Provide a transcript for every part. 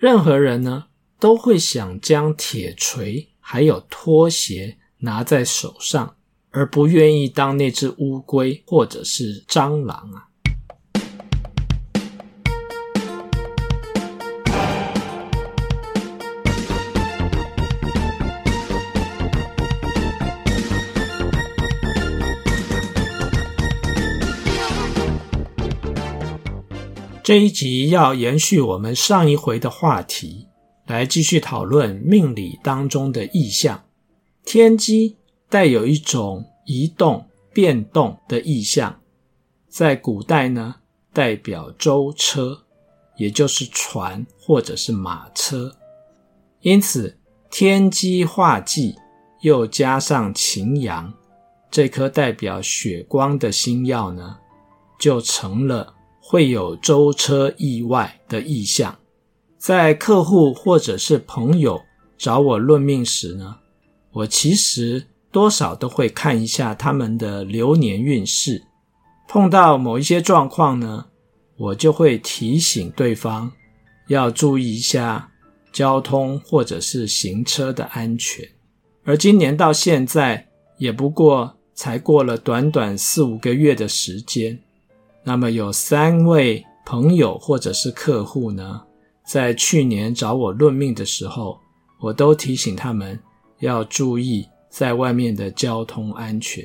任何人呢，都會想將鐵錘還有拖鞋拿在手上，而不願意當那隻烏龜或者是蟑螂啊。這一集要延續我們上一回的話題，來繼續討論命理當中的意象。天機帶有一種移動、變動的意象，在古代呢，代表舟車，也就是船或者是馬車。因此，天機化忌又加上擎羊這顆代表血光的星曜呢，就成了。會有舟車意外的意象。在客戶或者是朋友找我論命時呢，我其實多少都會看一下他們的流年運勢。碰到某一些狀況呢，我就會提醒對方要注意一下交通或者是行車的安全。而今年到現在，也不過才過了短短四五個月的時間。那麼有三位朋友或者是客戶呢，在去年找我論命的時候，我都提醒他們要注意在外面的交通安全。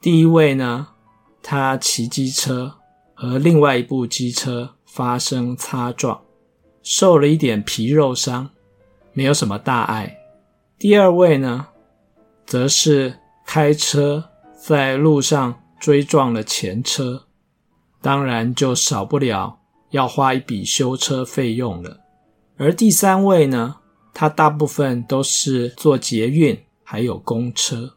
第一位呢，他騎機車和另外一部機車發生擦撞，受了一點皮肉傷，沒有什麼大礙。第二位呢，則是開車在路上追撞了前車。當然就少不了要花一筆修車費用了。而第三位呢，他大部分都是坐捷運還有公車。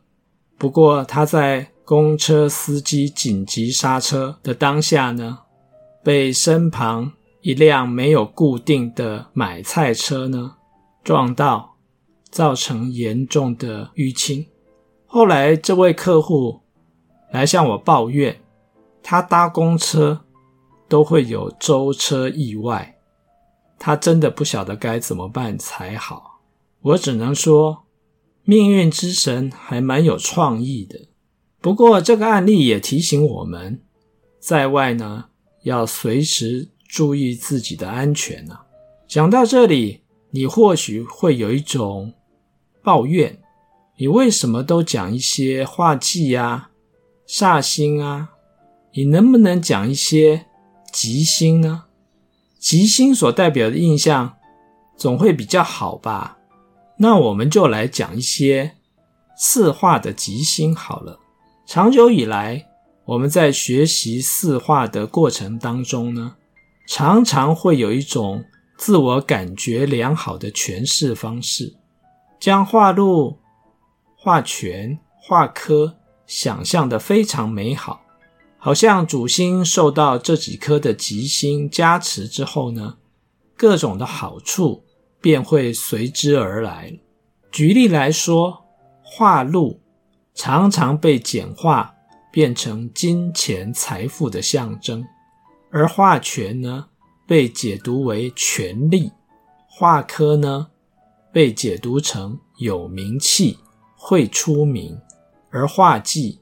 不過他在公車司機緊急剎車的當下呢，被身旁一輛沒有固定的買菜車呢撞到，造成嚴重的淤青。後來這位客戶來向我抱怨。他搭公車都會有舟車意外，他真的不曉得該怎麼辦才好。我只能說，命運之神還蠻有創意的。不過這個案例也提醒我們，在外呢要隨時注意自己的安全吶、啊。講到這裡，你或許會有一種抱怨：你為什麼都講一些化忌啊、煞星啊？你能不能講一些吉星呢？吉星所代表的意象總會比較好吧？那我們就來講一些四化的吉星好了。長久以來，我們在學習四化的過程當中呢，常常會有一種自我感覺良好的詮釋方式，將化祿、化權、化科想象的非常美好。好像主星受到這幾顆的吉星加持之後呢，各種的好處便會隨之而來。舉例來說，化祿常常被簡化，變成金錢財富的象徵，而化權呢，被解讀為權力，化科呢，被解讀成有名氣，會出名，而化忌。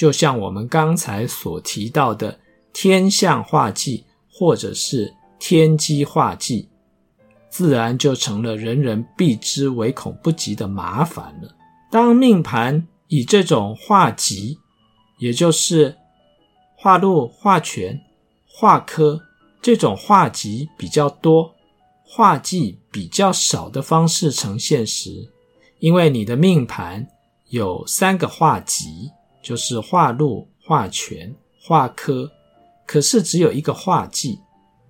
就像我們剛才所提到的天相化忌或者是天機化忌，自然就成了人人避之唯恐不及的麻煩了。當命盤以這種化吉，也就是化祿、化權、化科這種化吉比較多，化忌比較少的方式呈現時，因為你的命盤有三個化吉。就是化祿、化權、化科，可是只有一個化忌，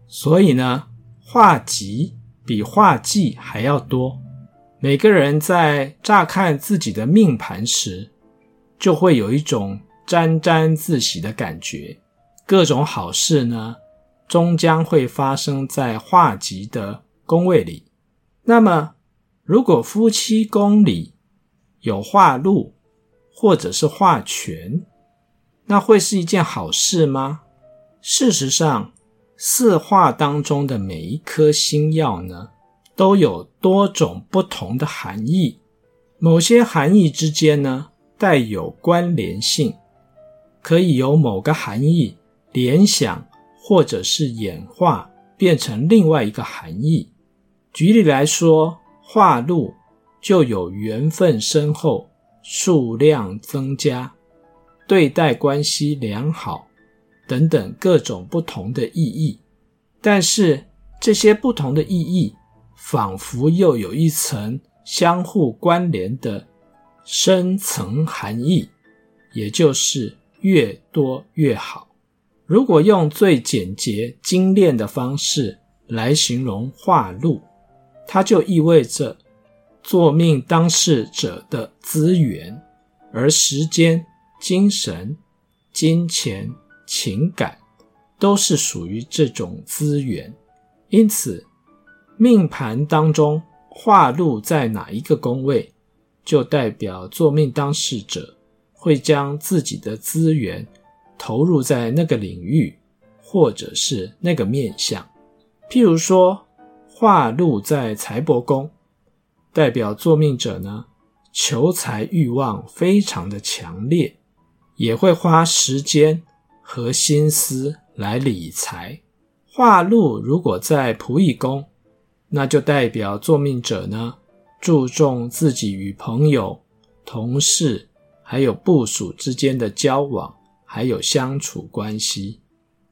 所以呢，化吉比化忌還要多。每個人在乍看自己的命盤時，就會有一種沾沾自喜的感覺。各種好事呢，終將會發生在化吉的宮位裡。那麼，如果夫妻宮裡有化祿，或者是化權，那會是一件好事嗎？事實上，四化當中的每一顆星曜呢，都有多種不同的含義，某些含義之間呢，帶有關聯性，可以由某個含義聯想或者是演化變成另外一個含義。舉例來說，化祿就有緣分深厚。數量增加，對待關係良好，等等各種不同的意義，但是這些不同的意義，仿佛又有一層相互關聯的深層含義，也就是越多越好。如果用最簡潔精煉的方式來形容化祿，它就意味着。坐命當事者的資源，而時間、精神、金錢、情感，都是屬於這種資源。因此，命盤當中化祿在哪一個宮位，就代表坐命當事者會將自己的資源投入在那個領域，或者是那個面向。譬如說，化祿在財帛宮。代表坐命者呢，求財慾望非常的強烈，也會花時間和心思來理財。化祿如果在僕役宮，那就代表坐命者呢，注重自己與朋友、同事，還有部屬之間的交往，還有相處關係。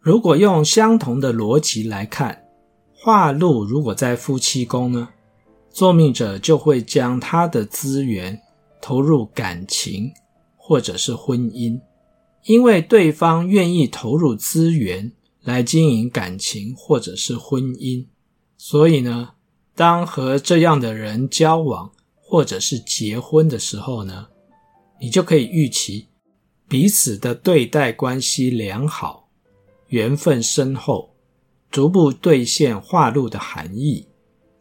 如果用相同的邏輯來看，化祿如果在夫妻宮呢？坐命者就會將他的資源投入感情或者是婚姻，因為對方願意投入資源來經營感情或者是婚姻，所以呢，當和這樣的人交往或者是結婚的時候呢，你就可以預期彼此的對待關係良好，緣分深厚，逐步兌現化祿的含義，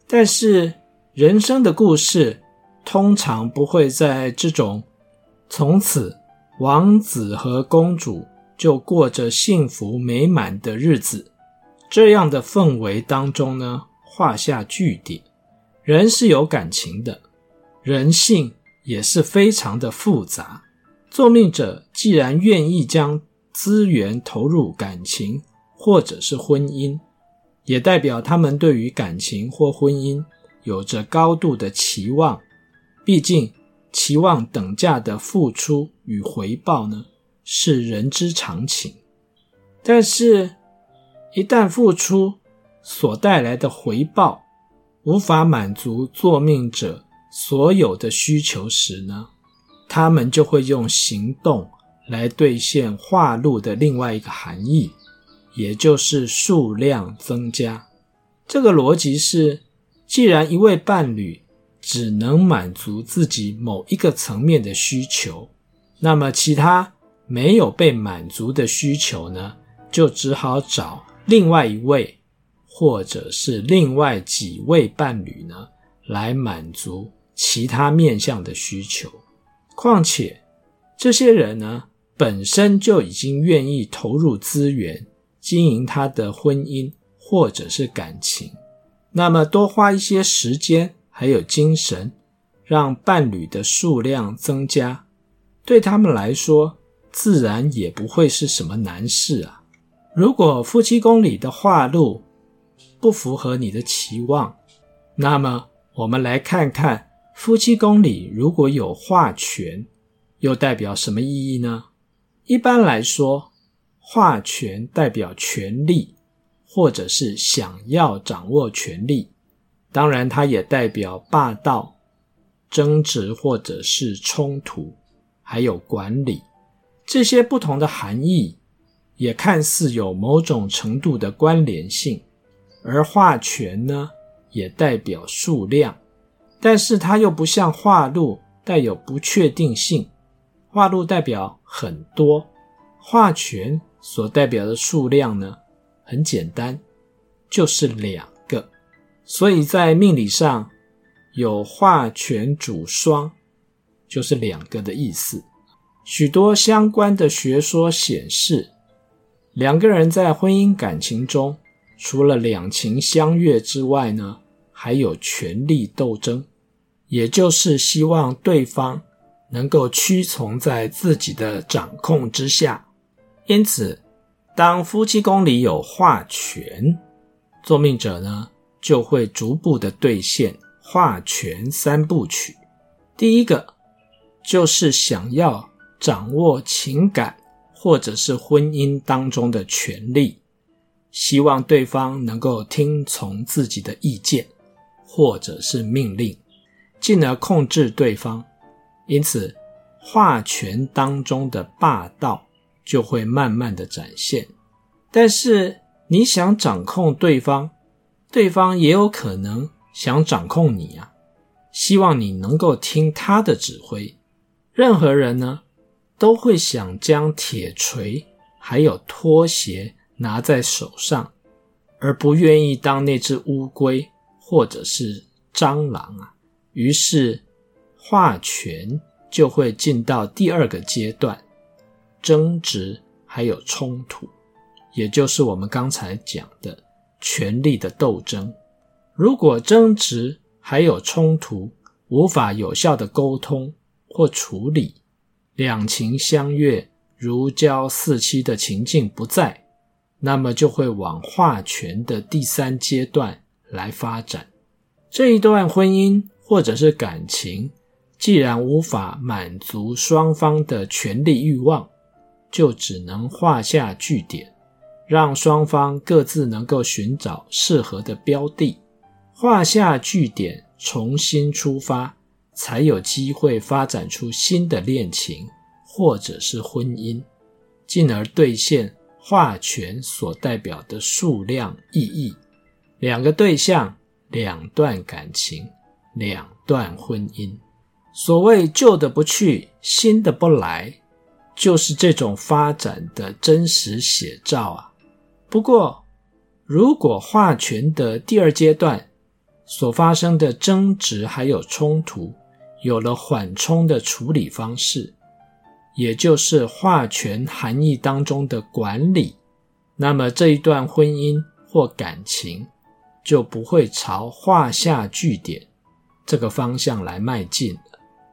但是。人生的故事通常不會在這種“從此王子和公主就過着幸福美滿的日子”這樣的氛圍當中呢畫下句點。人是有感情的，人性也是非常的複雜。坐命者既然願意將資源投入感情或者是婚姻，也代表他們對於感情或婚姻。有着高度的期望，畢竟期望等價的付出與回報呢，是人之常情。但是，一旦付出所帶來的回報無法滿足坐命者所有的需求時呢，他們就會用行動來兌現「化祿」的另外一個含義，也就是數量增加。這個邏輯是。既然一位伴侶只能滿足自己某一個層面的需求，那麼其他沒有被滿足的需求呢，就只好找另外一位，或者是另外幾位伴侶呢，來滿足其他面向的需求。況且，這些人呢，本身就已經願意投入資源經營他的婚姻或者是感情。那麼多花一些時間還有精神，讓伴侶的數量增加，對他們來說自然也不會是什麼難事啊。如果夫妻宮裡的化祿不符合你的期望，那麼我們來看看夫妻宮裡如果有化權，又代表什麼意義呢？一般來說，化權代表權力。或者是想要掌握權力，當然它也代表霸道、爭執或者是衝突，還有管理這些不同的含義，也看似有某種程度的關聯性。而「化權」呢，也代表數量，但是它又不像「化祿」帶有不確定性，「化祿」代表很多，「化權」所代表的數量呢？很簡單，就是兩個，所以在命理上有“化權主雙”，就是兩個的意思。許多相關的學說顯示，兩個人在婚姻感情中，除了兩情相悅之外呢，還有權力鬥爭，也就是希望對方能夠屈從在自己的掌控之下，因此。當夫妻宮裡有化權，坐命者呢，就會逐步的兌現化權三部曲。第一個就是想要掌握情感或者是婚姻當中的權力，希望對方能夠聽從自己的意見或者是命令，進而控制對方。因此，化權當中的霸道，就會慢慢的展現，但是你想掌控對方，對方也有可能想掌控你啊。希望你能夠聽他的指揮。任何人呢，都會想將鐵錘還有拖鞋拿在手上，而不願意當那隻烏龜或者是蟑螂啊。於是，化權就會進到第二個階段。爭執還有衝突，也就是我們剛才講的權力的鬥爭。如果爭執還有衝突，無法有效的溝通或處理，兩情相悅、如膠似漆的情境不在，那麼就會往化權的第三階段來發展。這一段婚姻或者是感情，既然無法滿足雙方的權力慾望，就只能畫下句點，讓雙方各自能夠尋找適合的標的，畫下句點，重新出發，才有機會發展出新的戀情或者是婚姻，進而兌現化權所代表的數量意義。兩個對象，兩段感情，兩段婚姻。所謂舊的不去，新的不來。就是這種發展的真實寫照啊。不過，如果化權的第二階段所發生的爭執還有衝突，有了緩衝的處理方式，也就是化權含義當中的管理，那麼這一段婚姻或感情就不會朝畫下句點這個方向來邁進了。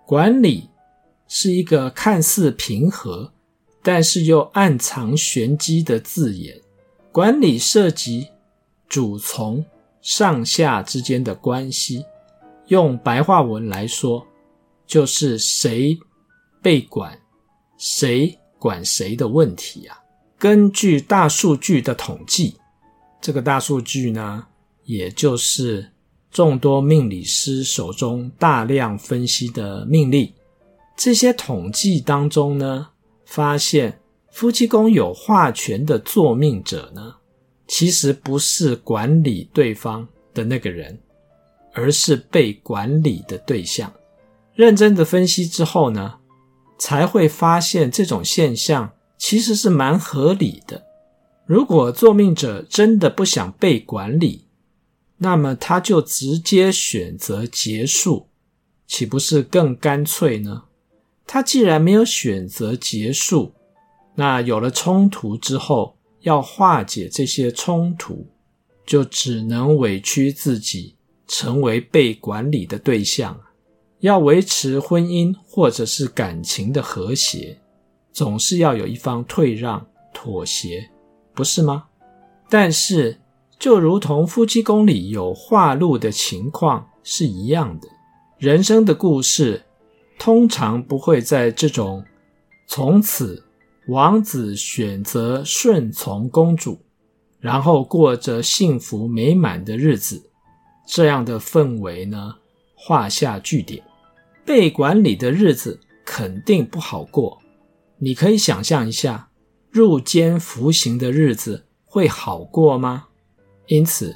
管理，是一個看似平和，但是又暗藏玄機的字眼。管理涉及主從、上下之間的關係。用白話文來說，就是誰被管，誰管誰的問題啊。根據大數據的統計，這個大數據呢，也就是眾多命理師手中大量分析的命例。這些統計當中呢，發現夫妻宮有化權的作命者呢，其實不是管理對方的那個人，而是被管理的對象。認真的分析之後呢，才會發現這種現象其實是蠻合理的。如果作命者真的不想被管理，那麼他就直接選擇結束，豈不是更乾脆呢？他既然沒有選擇結束，那有了衝突之後，要化解這些衝突，就只能委屈自己，成為被管理的對象。要維持婚姻或者是感情的和諧，總是要有一方退讓妥協，不是嗎？但是，就如同夫妻宮裡有化祿的情況是一樣的，人生的故事。通常不會在這種從此王子選擇順從公主，然後過着幸福美滿的日子這樣的氛圍呢畫下句點。被管理的日子肯定不好過，你可以想象一下入監服刑的日子會好過嗎？因此，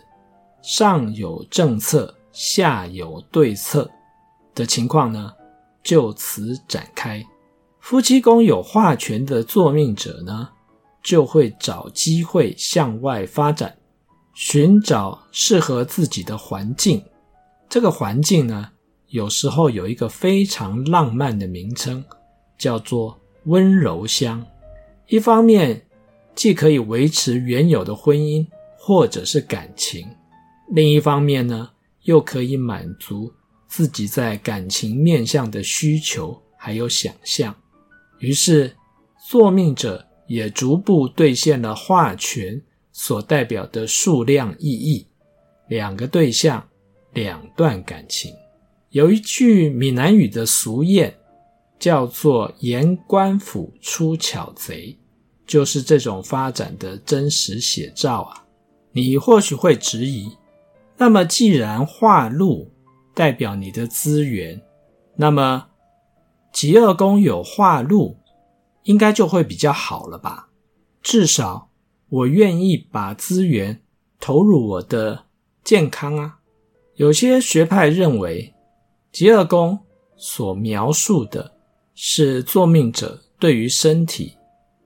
上有政策，下有對策的情況呢，就此展開，夫妻宮有化權的坐命者呢，就會找機會向外發展，尋找適合自己的環境。這個環境呢，有時候有一個非常浪漫的名稱，叫做溫柔鄉。一方面既可以維持原有的婚姻或者是感情，另一方面呢，又可以滿足。自己在感情面向的需求還有想象，於是，坐命者也逐步兌現了化權所代表的數量意義。兩個對象，兩段感情。有一句閩南語的俗諺，叫做“嚴官府出巧賊”，就是這種發展的真實寫照啊。你或許會質疑，那麼既然化祿。代表你的資源，那麼疾厄宮有化祿，應該就會比較好了吧？至少我願意把資源投入我的健康啊。有些學派認為，疾厄宮所描述的是作命者對於身體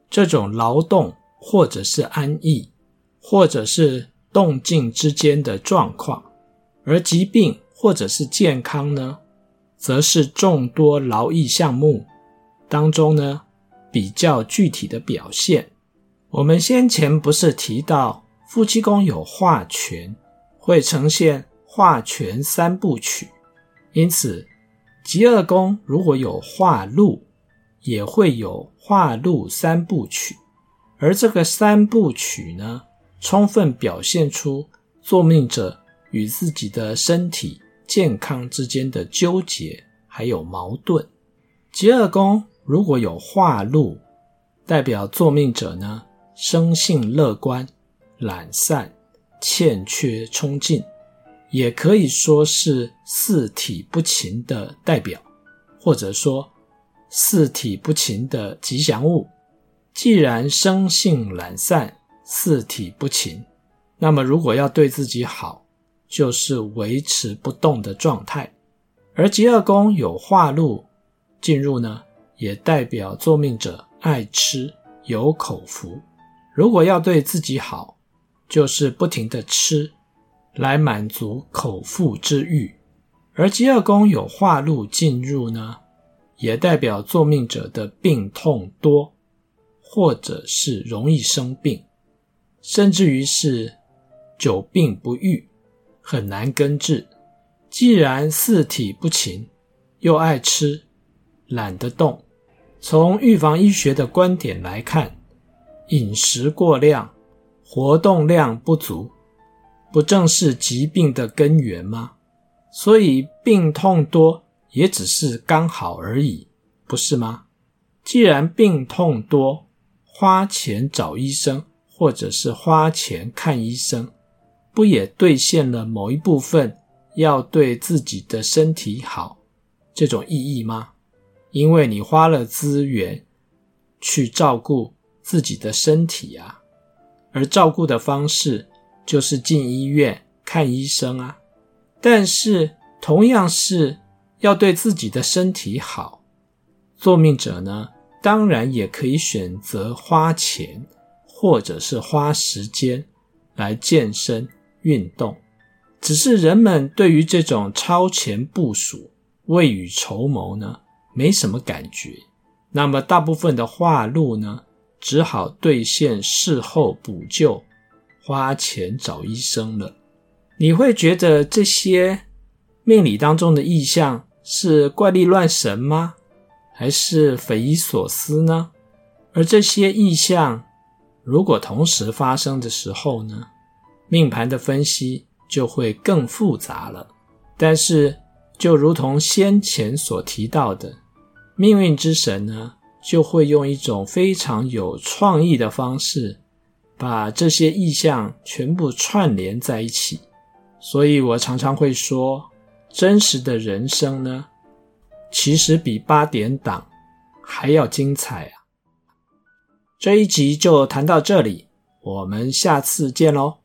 這種勞動，或者是安逸，或者是動靜之間的狀況，而疾病。或者是健康呢，則是眾多勞役項目當中呢，比較具體的表現。我們先前不是提到夫妻宮有化權，會呈現化權三部曲，因此疾厄宮如果有化祿，也會有化祿三部曲。而這個三部曲呢，充分表現出作命者與自己的身體。健康之間的糾結還有矛盾，疾厄宮如果有化祿，代表坐命者呢，生性樂觀、懶散、欠缺衝勁，也可以說是四體不勤的代表，或者說四體不勤的吉祥物。既然生性懶散、四體不勤，那麼如果要對自己好，就是維持不動的狀態，而疾厄宮有化祿進入呢，也代表坐命者愛吃、有口福。如果要對自己好，就是不停地吃，來滿足口腹之欲。而疾厄宮有化祿進入呢，也代表坐命者的病痛多，或者是容易生病，甚至於是久病不癒。很難根治。既然四體不勤，又愛吃，懶得動，從預防醫學的觀點來看，飲食過量，活動量不足，不正是疾病的根源嗎？所以病痛多也只是剛好而已，不是嗎？既然病痛多，花錢找醫生，或者是花錢看醫生。不也兌現了某一部分要對自己的身體好這種意義嗎？因為你花了資源去照顧自己的身體啊，而照顧的方式就是進醫院看醫生啊。但是同樣是要對自己的身體好，坐命者呢，當然也可以選擇花錢或者是花時間來健身。運動，只是人們對於這種超前部署、未雨綢繆呢，沒什麼感覺。那麼大部分的化祿呢，只好兌現事後補救，花錢找醫生了。你會覺得這些命理當中的意象是怪力亂神嗎？還是匪夷所思呢？而這些意象如果同時發生的時候呢？命盤的分析就會更複雜了，但是就如同先前所提到的，命運之神呢，就會用一種非常有創意的方式，把這些意象全部串聯在一起。所以我常常會說，真實的人生呢，其實比八點檔還要精彩啊！這一集就談到這裡，我們下次見嘍！